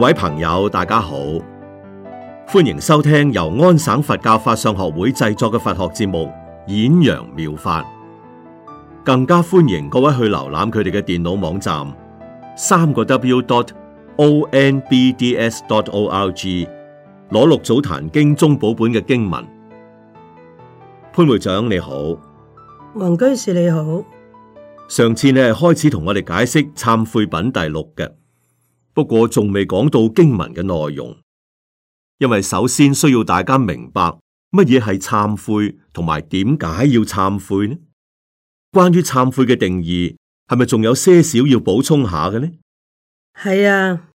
各位朋友，大家好，歡迎收聽由安省佛教法相學會製作嘅佛學節目《演揚妙法》，更加歡迎各位去瀏覽佢哋嘅電腦網站三個 W d O N B D S d O L G 攞六祖壇經宗寶本嘅經文。潘會長你好，黃居士你好，上次你係開始同我哋解釋懺悔品第六嘅。不過仲未講到經文嘅內容，因為首先需要大家明白乜嘢係懺悔，同埋點解要懺悔呢？關於懺悔嘅定義，係咪仲有些少要補充下嘅呢？係啊，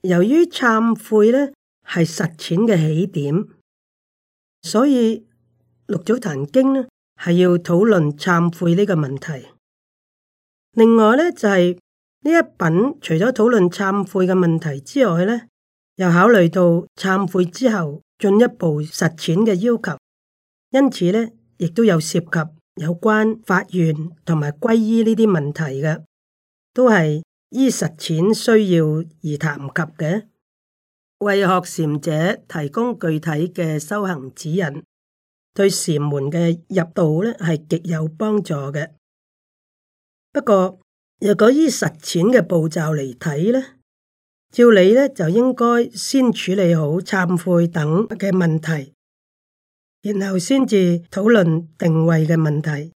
由於懺悔咧係實踐嘅起點，所以六祖壇經呢係要討論懺悔呢個問題。另外咧，就係、是。呢一品除咗討論懺悔嘅問題之外呢，呢又考慮到懺悔之後進一步實踐嘅要求，因此呢亦都有涉及有關法院同埋皈依呢啲問題嘅，都係依實踐需要而談及嘅，為學禪者提供具體嘅修行指引，對禪門嘅入道呢係極有幫助嘅。不過。若果以實踐嘅步驟嚟睇咧，照理咧就應該先處理好懺悔等嘅問題，然後先至討論定位嘅問題。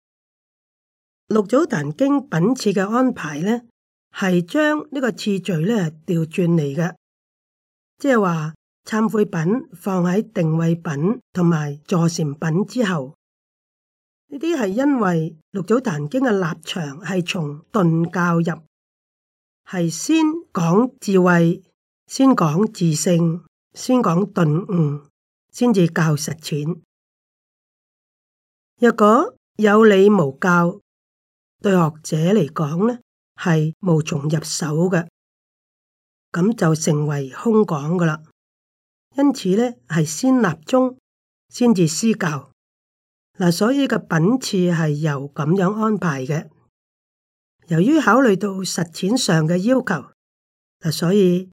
六祖壇經品次嘅安排咧，係將呢個次序咧調轉嚟嘅，即係話懺悔品放喺定位品同埋坐禪品之後。呢啲係因為六祖壇經嘅立場係從頓教入，係先講智慧，先講自性，先講頓悟，先至教實踐。若果有理無教，對學者嚟講咧係無從入手嘅，咁就成為空講噶啦。因此咧係先立宗，先至施教。嗱，所以嘅品次係由咁樣安排嘅。由於考慮到實踐上嘅要求，嗱，所以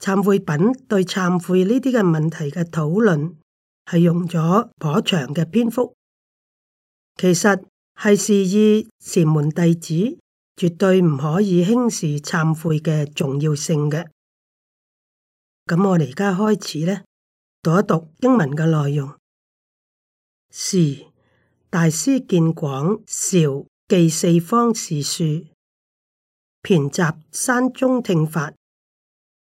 懺悔品對懺悔呢啲嘅問題嘅討論係用咗頗長嘅篇幅。其實係示意禪門弟子絕對唔可以輕視懺悔嘅重要性嘅。咁我哋而家開始咧，讀一讀英文嘅內容，是。大師見廣韶記四方事書，編集山中聽法。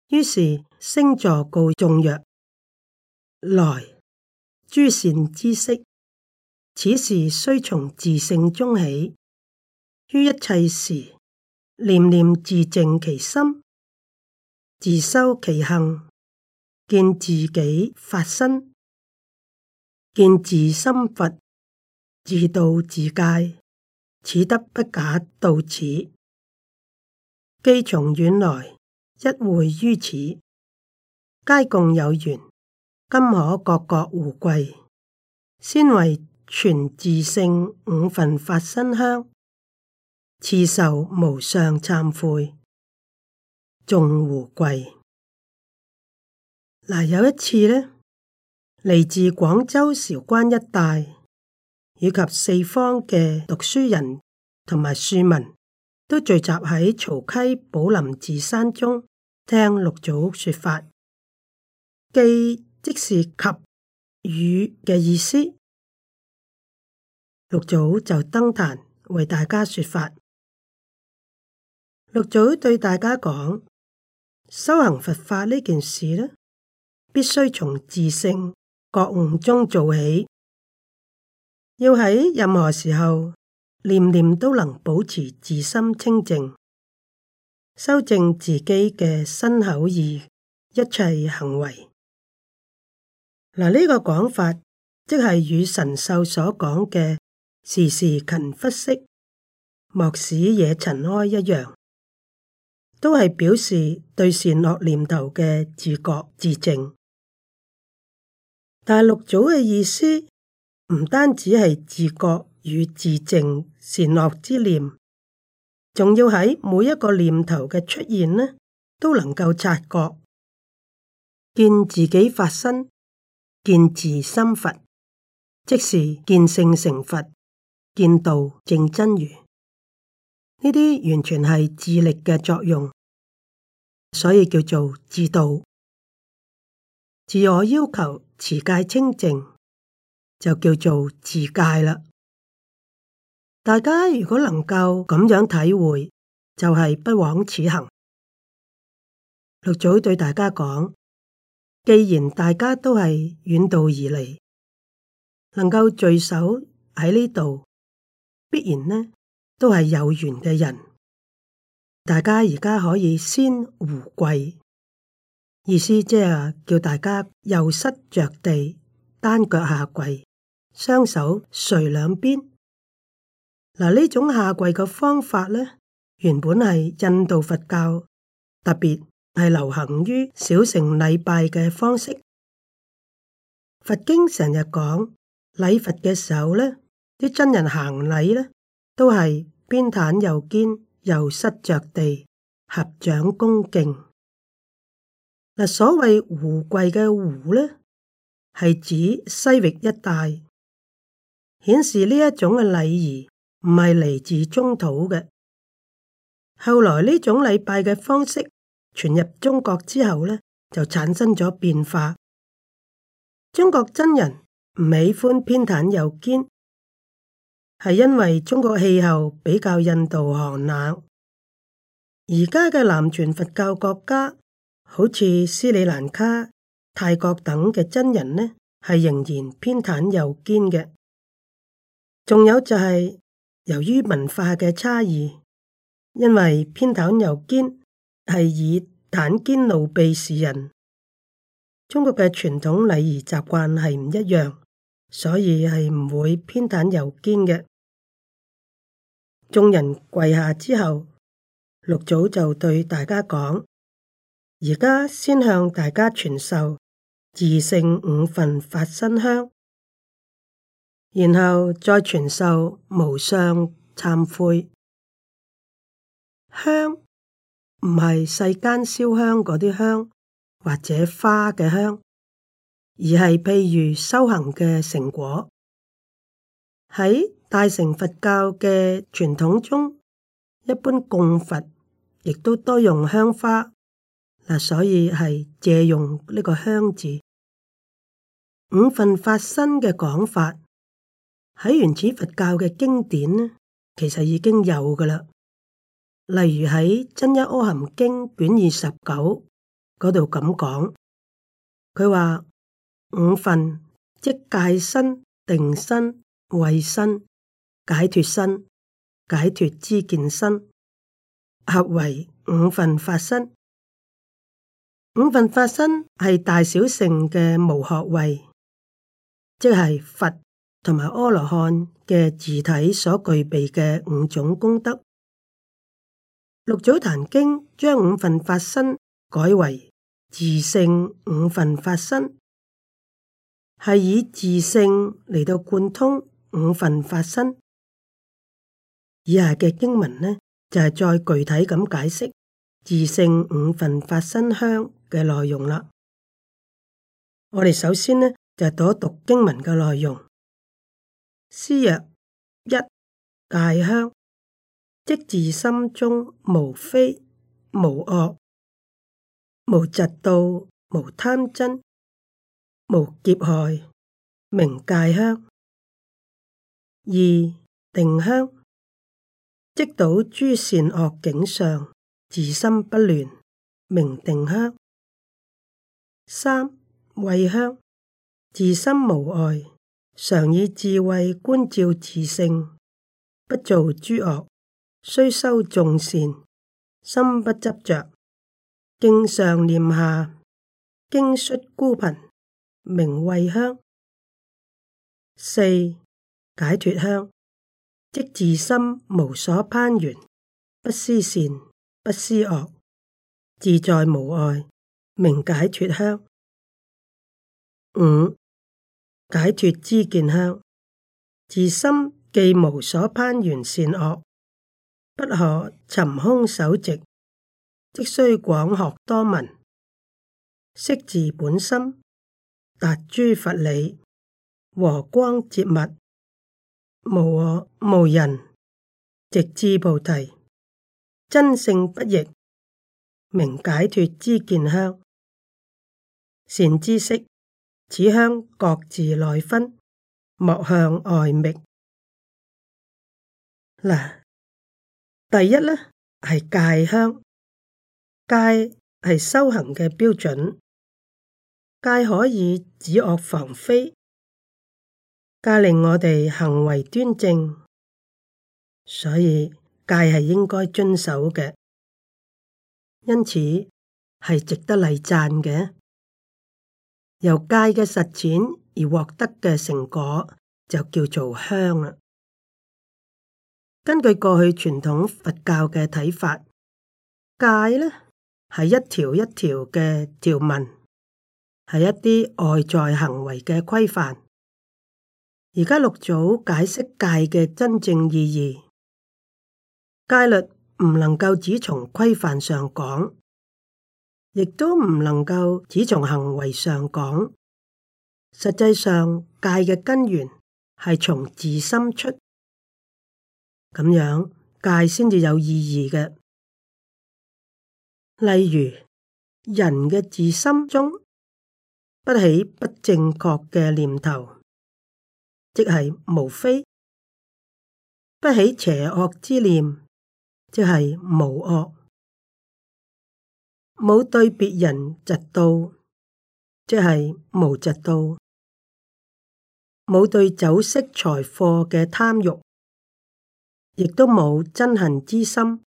於是升座告眾曰：來，諸善知識，此事須從自性中起。於一切時，念念自淨其心，自修其行，見自己法身，見自心佛。自度自戒，始得不假到此。既從遠來，一會於此，皆共有緣。今可各各胡跪，先為傳自性五分法身香，次授無相懺悔，眾胡跪。嗱，有一次呢，嚟自廣州韶關一帶。以及四方嘅讀書人同埋庶民都聚集喺曹溪寶林寺山中聽六祖說法，既即是及語嘅意思。六祖就登壇為大家說法。六祖對大家講：修行佛法呢件事呢，必須從自性覺悟中做起。要喺任何時候念念都能保持自心清淨，修正自己嘅身口意一切行為。嗱，呢個講法，即係與神秀所講嘅時時勤拂拭、莫使惹塵埃一樣，都係表示對善惡念頭嘅自覺自證。但六祖嘅意思。唔單止係自覺與自淨善惡之念，仲要喺每一個念頭嘅出現呢，都能夠察覺，見自己法身，見自心佛，即是見性成佛，見道證真如。呢啲完全係自力嘅作用，所以叫做自度。自我要求持戒清淨。就叫做自戒啦。大家如果能夠咁樣體會，就係不枉此行。六祖對大家講：既然大家都係遠道而嚟，能夠聚首喺呢度，必然呢都係有緣嘅人。大家而家可以先胡跪，意思即係叫大家右膝着地，單腳下跪。雙手垂兩邊，嗱，呢種下跪嘅方法咧，原本係印度佛教特別係流行於小乘禮拜嘅方式。佛經成日講禮佛嘅時候咧，啲真人行禮咧，都係偏袒右肩、右膝着地、合掌恭敬。嗱，所謂胡跪嘅胡咧，係指西域一帶。顯示呢一種嘅禮儀唔係嚟自中土嘅。後來呢種禮拜嘅方式傳入中國之後呢，就產生咗變化。中國僧人唔喜歡偏袒右肩，係因為中國氣候比較印度寒冷。而家嘅南傳佛教國家，好似斯里蘭卡、泰國等嘅僧人呢，係仍然偏袒右肩嘅。仲有就係、是，由於文化嘅差異，因為偏袒右肩係以袒肩露臂示人，中國嘅傳統禮儀習慣係唔一樣，所以係唔會偏袒右肩嘅。眾人跪下之後，六祖就對大家講：而家先向大家傳授自性五分法身香。然後再傳授無上懺悔香，唔係世間燒香嗰啲香或者花嘅香，而係譬如修行嘅成果。喺大乘佛教嘅傳統中，一般供佛亦都多用香花嗱，所以係借用呢個香字五分法身嘅講法。喺原始佛教嘅經典咧，其實已經有噶啦，例如喺《真一阿含經》卷二十九嗰度咁講，佢話五分即戒身、定身、慧身、解脫身、解脫知見身合為五分法身。五分法身係大小乘嘅無學位，即係佛。同埋阿羅漢嘅自體所具備嘅五種功德，六祖壇經將五分法身改為自性五分法身，係以自性嚟到貫通五分法身。以下嘅經文呢，就係、是、再具體咁解釋自性五分法身香嘅內容啦。我哋首先呢，就攞讀,讀經文嘅內容。師曰：一戒香，即自心中無非無惡無嫉妒無貪瞋無劫害，名戒香；二定香，即到諸善惡境上，自心不亂，名定香；三慧香，自心無礙。常以智慧觀照自性，不造諸惡，雖修眾善，心不執著，敬上念下，經率孤貧，名慧香。四解脫香，即自心無所攀緣，不思善，不思惡，自在無礙，名解脫香。五解脫知見香，自心既無所攀緣善惡，不可尋空守寂，即須廣學多聞，識自本心，達諸佛理，和光接物，無我無人，直至菩提，真性不易，明解脫知見香，善知識。此香各自內分，莫向外覓。嗱，第一咧係戒香，戒係修行嘅標準，戒可以止惡防非，戒令我哋行為端正，所以戒係應該遵守嘅，因此係值得禮讚嘅。由戒嘅實踐而獲得嘅成果，就叫做香啦。根據過去傳統佛教嘅睇法，戒呢係一條一條嘅條文，係一啲外在行為嘅規範。而家六祖解釋戒嘅真正意義，戒律唔能夠只從規範上講。亦都唔能夠只從行為上講，實際上戒嘅根源係從自心出，咁樣戒先至有意義嘅。例如人嘅自心中不起不正確嘅念頭，即係無非，不起邪惡之念，即係無惡。冇對別人嫉妒，即係無嫉妒；冇對酒色財貨嘅貪欲，亦都冇憎恨之心，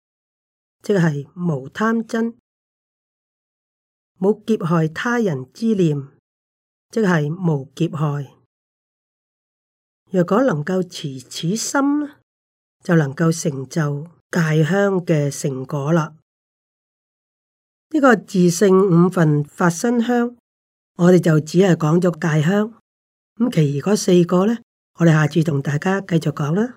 即係無貪嗔；冇劫害他人之念，即係無劫害。若果能夠持此心，就能夠成就戒香嘅成果啦。呢個自性五分法身香，我哋就只係講咗戒香。咁其餘嗰四個呢，我哋下次同大家繼續講啦。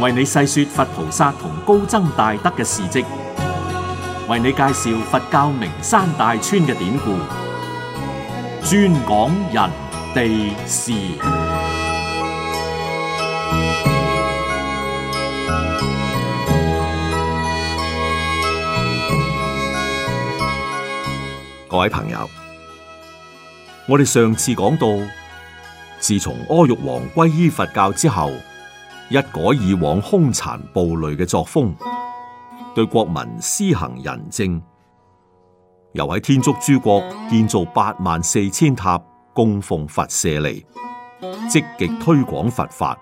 為你細說佛菩薩同高僧大德嘅事跡，為你介紹佛教名山大川嘅典故，專講人地事，各位朋友，我哋上次講到，自從阿育王皈依佛教之後，一改以往兇殘暴戾嘅作風，對國民施行仁政，又喺天竺諸國建造八萬四千塔。供奉佛舍利，積極推廣佛法，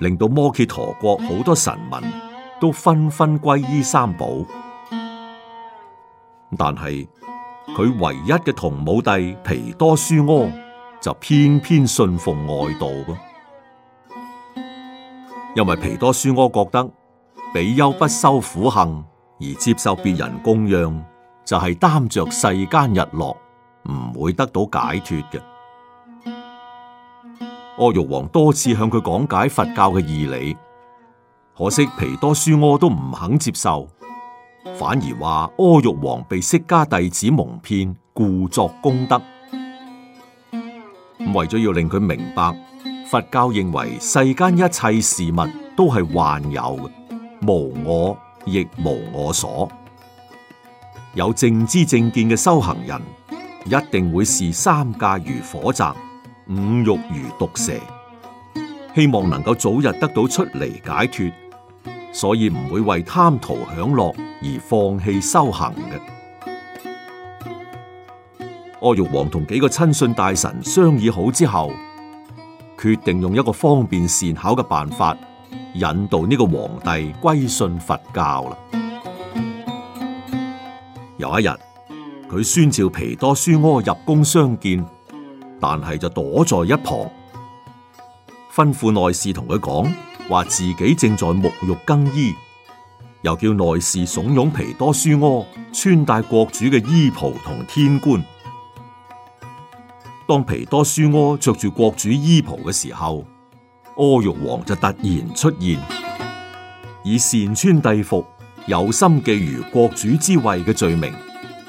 令到摩揭陀國好多神民都紛紛皈依三寶。但係佢唯一嘅同母弟皮多舒柯就偏偏信奉外道，因為皮多舒柯覺得比丘不修苦行，而接受別人供養就係、是、擔着世間日落。唔會得到解脱嘅。阿育王多次向佢講解佛教嘅義理，可惜皮多蘇屙都唔肯接受，反而話阿育王被釋迦弟子蒙騙，故作功德。為咗要令佢明白，佛教認為世間一切事物都係幻有嘅，無我亦無我所。有正知正見嘅修行人。一定會視三界如火宅，五欲如毒蛇，希望能夠早日得到出嚟解脫，所以唔會為貪圖享樂而放棄修行嘅。阿玉皇同幾個親信大臣商議好之後，決定用一個方便善巧嘅辦法，引導呢個皇帝歸信佛教啦。有一日。佢宣召皮多舒柯入宮相見，但係就躲在一旁，吩咐內侍同佢講話自己正在沐浴更衣，又叫內侍慫恿皮多舒柯穿戴國主嘅衣袍同天冠。當皮多舒柯着住國主衣袍嘅時候，阿育王就突然出現，以擅穿帝服、有心覬覦國主之位嘅罪名。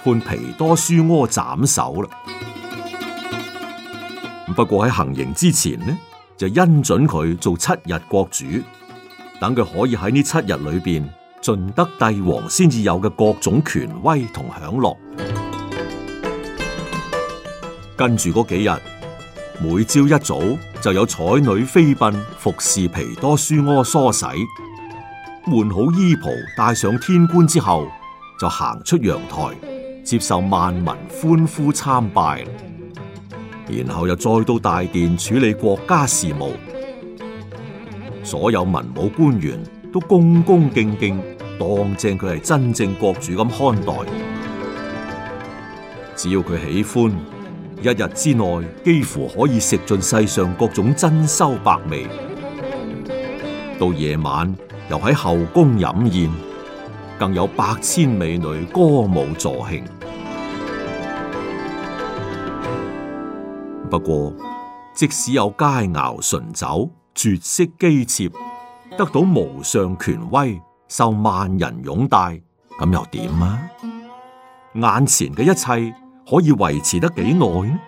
判皮多舒柯斬首啦！不過喺行刑之前呢，就恩准佢做七日國主，等佢可以喺呢七日裏邊盡得帝王先至有嘅各種權威同享樂。跟住嗰幾日，每朝一早就有彩女飛奔服侍皮多舒柯梳洗，換好衣袍，戴上天冠之後，就行出陽台。接受萬民歡呼參拜，然後又再到大殿處理國家事務。所有文武官員都恭恭敬敬，當正佢係真正國主咁看待。只要佢喜歡，一日之內幾乎可以食盡世上各種珍饈百味。到夜晚又喺後宮飲宴。更有百千美女歌舞助興。 不過，即使有佳餚醇酒、絕色姬妾，得到無上權威、受萬人擁戴，咁又點啊？眼前嘅一切可以維持得幾耐呢？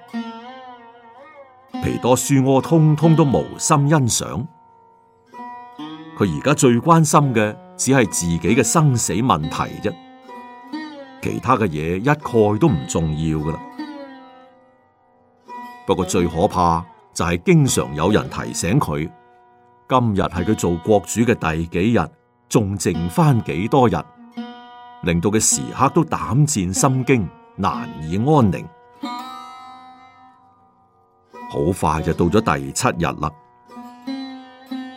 皮多樹我通通都無心欣賞，佢而家最關心嘅。只係自己嘅生死問題啫，其他嘅嘢一概都唔重要噶啦。不過最可怕就係經常有人提醒佢，今日係佢做國主嘅第幾日，仲剩翻幾多日，令到佢時刻都膽戰心驚，難以安寧。好快就到咗第七日啦。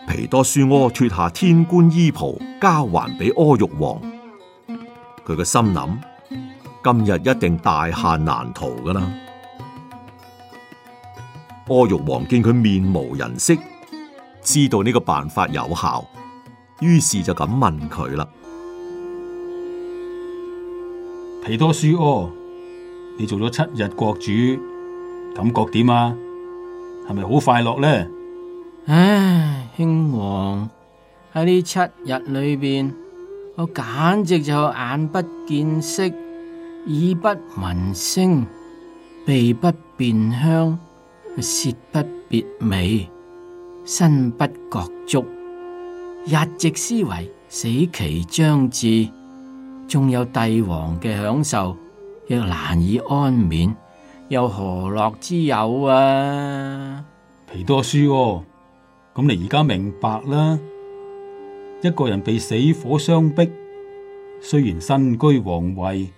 皮多舒柯脫下天官衣袍，交還俾柯玉王。佢個心諗，今日一定大限難逃噶啦！柯玉王見佢面無人色，知道呢個辦法有效，於是就咁問佢啦，皮多舒柯，你做咗七日國主，感覺點啊？係咪好快樂咧？唉，興王，喺呢七日裏邊，我簡直就眼不見色，耳不聞聲，鼻不辨香，舌不別味，身不覺觸，日夕思維死期將至，仲有帝王嘅享受，又難以安眠，又何樂之有啊？皮多書、哦。咁你而家明白啦！一個人被死火相逼，雖然身居皇位，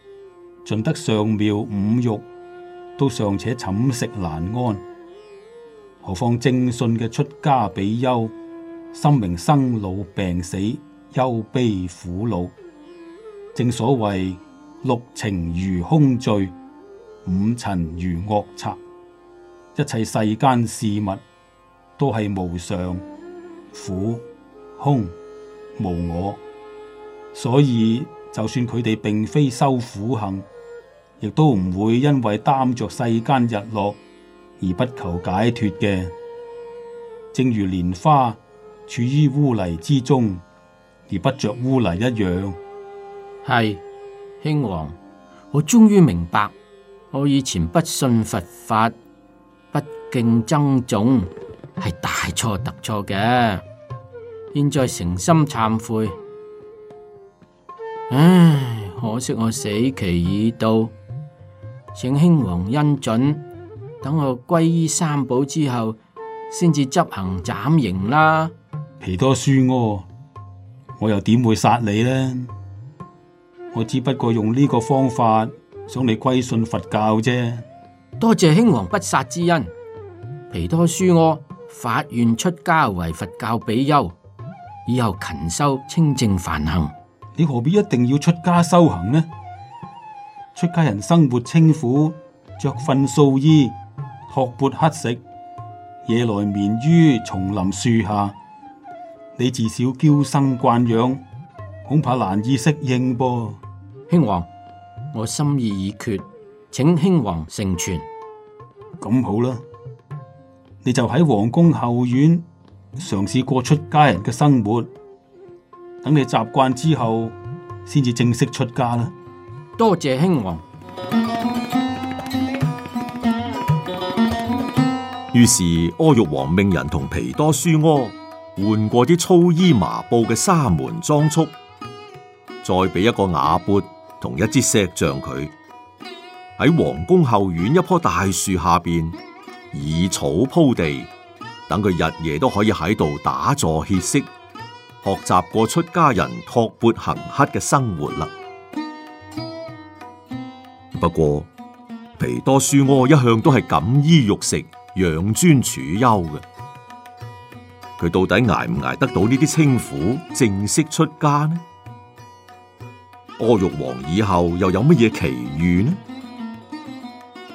盡得上妙五欲，都尚且寢食難安。何況正信嘅出家比丘，心明生老病死，憂悲苦惱。正所謂六情如空聚，五塵如惡賊，一切世間事物，都係無常、苦、空、無我，所以就算佢哋並非修苦行，亦都唔會因為擔着世間日落而不求解脫嘅。正如蓮花處於污泥之中而不着污泥一樣。係，興王，我終於明白，我以前不信佛法，不敬僧眾。係大錯特錯嘅，現在誠心懺悔。唉，可惜我死期已到，請興王恩准，等我歸依三寶之後，先至執行斬刑啦。皮多輸我，我又點會殺你呢？我只不過用呢個方法，想你歸信佛教啫。多謝興王不殺之恩，皮多輸我，發願出家為佛教比丘，以後勤修清淨梵行。你何必一定要出家修行呢？出家人生活清苦，着糞素衣，托鉢乞食，夜來眠於叢林樹下。你自小嬌生慣養，恐怕難以適應噃。兄皇，我心意已決，請兄皇成全。咁好啦。你就喺皇宮後院嘗試過出家人嘅生活，等你習慣之後，先至正式出家啦。多謝兄王。於是阿育王命人同皮多舒柯換過啲粗衣麻布嘅沙門裝束，再俾一個瓦鉢同一支錫杖佢，喺皇宮後院一棵大樹下邊，以草鋪地，等佢日夜都可以喺度打坐歇息，學習過出家人托缽行乞嘅生活啦。不過皮多書窩一向都係錦衣玉食、養尊處優嘅，佢到底挨唔挨得到呢啲清苦，正式出家呢？柯玉皇以後又有乜嘢奇遇呢？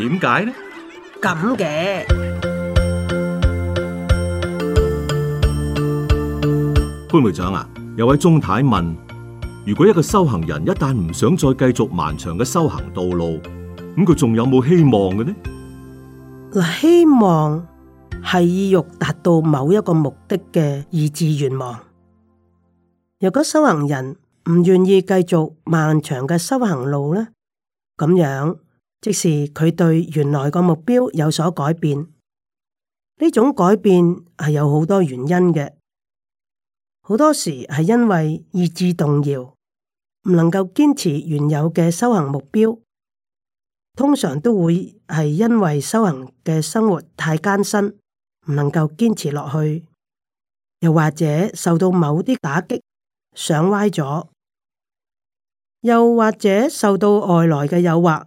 點解呢？咁嘅潘會長啊，有位中太問：如果一個修行人一旦唔想再繼續漫長嘅修行道路，咁佢仲有冇希望嘅呢？嗱，希望係意欲達到某一個目的嘅意志願望。如果修行人唔願意繼續漫長嘅修行路呢，咁樣。即是佢對原來個目標有所改變，呢種改變係有好多原因嘅。好多時係因為意志動搖，唔能夠堅持原有嘅修行目標。通常都會係因為修行嘅生活太艱辛，唔能夠堅持落去，又或者受到某啲打擊，想歪咗，又或者受到外來嘅誘惑。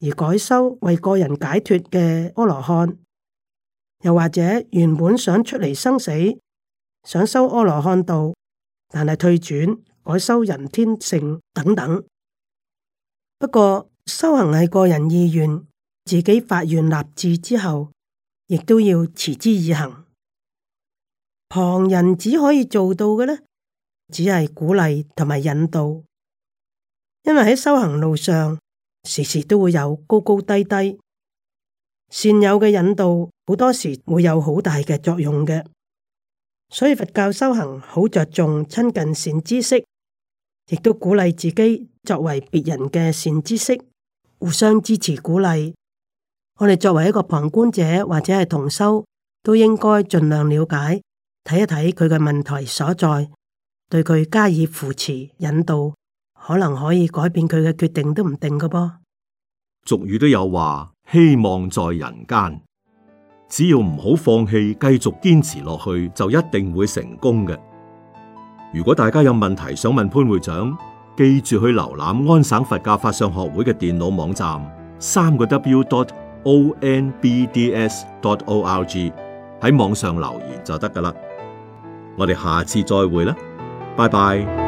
而改修為個人解脫嘅阿羅漢，又或者原本想出嚟生死，想修阿羅漢道，但係退轉改修人天乘等等。不過修行係個人意願，自己發願立志之後，亦都要持之以恆。旁人只可以做到嘅呢，只係鼓勵同埋引導，因為喺修行路上，時時都會有高高低低，善友嘅引導，好多時會有好大嘅作用嘅。所以佛教修行好着重親近善知識，亦都鼓勵自己作為別人嘅善知識，互相支持鼓勵。我哋作為一個旁觀者或者係同修，都應該盡量了解，睇一睇佢嘅問題所在，對佢加以扶持引導。可能可以改變佢嘅決定都唔定噶噃。俗語都有話：希望在人間，只要唔好放棄，繼續堅持落去，就一定會成功嘅。如果大家有問題想問潘會長，記住去瀏覽安省佛教法相學會嘅電腦網站，三個 W dot O N B D S dot O R G 喺網上留言就得噶啦。我哋下次再會啦，拜拜。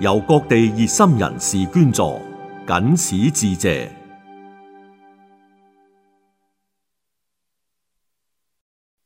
由各地熱心人士捐助，謹此致謝。